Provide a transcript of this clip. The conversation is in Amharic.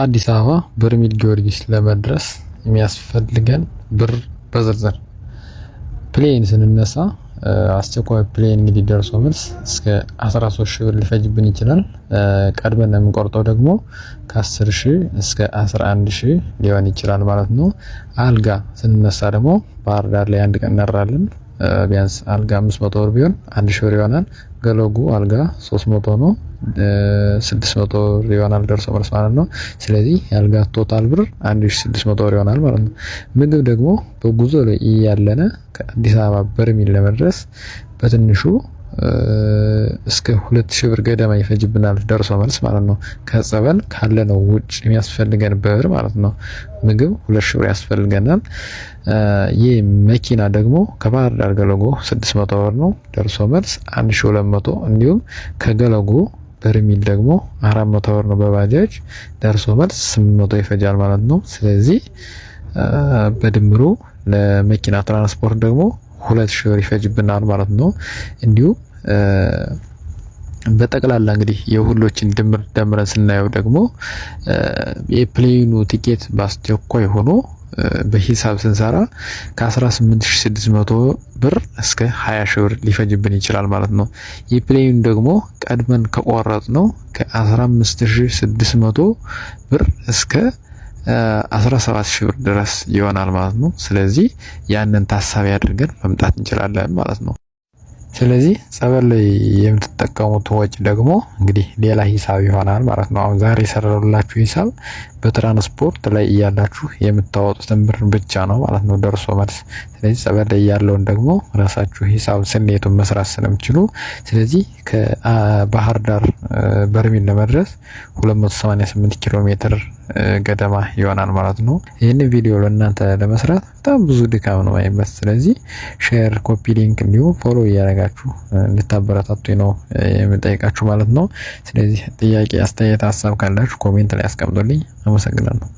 አዲስ አበባ በርሜል ጊዮርጊስ ለመድረስ የሚያስፈልገን ብር በዝርዝር ፕሌን ስንነሳ አስቸኳይ ፕሌን እንግዲህ ደርሶ መልስ እስከ 13 ሺህ ብር ሊፈጅብን ይችላል። ቀድመን የምንቆርጠው ደግሞ ከ10 ሺህ እስከ 11 ሺህ ሊሆን ይችላል ማለት ነው። አልጋ ስንነሳ ደግሞ ባህር ዳር ላይ አንድ ቀን እነራለን ቢያንስ አልጋ 500 ብር ቢሆን 1 ሺህ ብር ይሆናል። ገለጉ አልጋ 300 ነው። ስድስት መቶ ብር ይሆናል ደርሶ መልስ ማለት ነው። ስለዚህ ያልጋ ቶታል ብር አንድ ሺ መቶ ብር ይሆናል ማለት ነው። ምግብ ደግሞ በጉዞ ላይ እያለነ ከአዲስ አበባ በርሚል ለመድረስ በትንሹ እስከ ሁለት ሺህ ብር ገደማ ይፈጅብናል ደርሶ መልስ ማለት ነው። ከጸበል ካለ ውጭ የሚያስፈልገን ብር ማለት ነው። ምግብ ሁለት ብር ያስፈልገናል። ይህ መኪና ደግሞ ከባህር ዳር ገለጎ ስድስት ብር ነው ደርሶ መልስ አንድ እንዲሁም ከገለጎ በርሚል ደግሞ 400 መቶ ብር ነው በባጃጅ ደርሶ መልስ 800 ይፈጃል ማለት ነው። ስለዚህ በድምሩ ለመኪና ትራንስፖርት ደግሞ 2000 ብር ይፈጅብናል ማለት ነው። እንዲሁም በጠቅላላ እንግዲህ የሁሎችን ድምር ደምረን ስናየው ደግሞ የፕሌኑ ቲኬት በአስቸኳይ ሆኖ በሂሳብ ስንሰራ ከ18600 ብር እስከ 20 ሺህ ብር ሊፈጅብን ይችላል ማለት ነው። የፕሌዩን ደግሞ ቀድመን ከቆረጥ ነው ከ15600 ብር እስከ 17000 ብር ድረስ ይሆናል ማለት ነው። ስለዚህ ያንን ታሳቢ አድርገን መምጣት እንችላለን ማለት ነው። ስለዚህ ጸበል ላይ የምትጠቀሙት ወጪ ደግሞ እንግዲህ ሌላ ሂሳብ ይሆናል ማለት ነው። አሁን ዛሬ የሰራሁላችሁ ሂሳብ በትራንስፖርት ላይ እያላችሁ የምታወጡትን ብር ብቻ ነው ማለት ነው ደርሶ መልስ። ስለዚህ ጸበል ላይ ያለውን ደግሞ ራሳችሁ ሂሳብ ስሌቱን መስራት ስለምችሉ፣ ስለዚህ ከባህር ዳር በርሜል ለመድረስ 288 ኪሎ ሜትር ገደማ ይሆናል ማለት ነው። ይህን ቪዲዮ ለእናንተ ለመስራት በጣም ብዙ ድካም ነው አይበት። ስለዚህ ሼር፣ ኮፒ ሊንክ እንዲሁም ፎሎ እያደረጋችሁ እንድታበረታቱ ነው የምጠይቃችሁ ማለት ነው። ስለዚህ ጥያቄ፣ አስተያየት፣ ሀሳብ ካላችሁ ኮሜንት ላይ አስቀምጡልኝ። አመሰግናለሁ።